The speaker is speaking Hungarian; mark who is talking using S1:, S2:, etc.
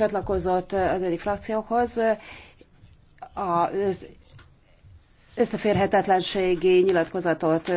S1: csatlakozott az egyik frakciókhoz. Az összeférhetetlenségi nyilatkozatot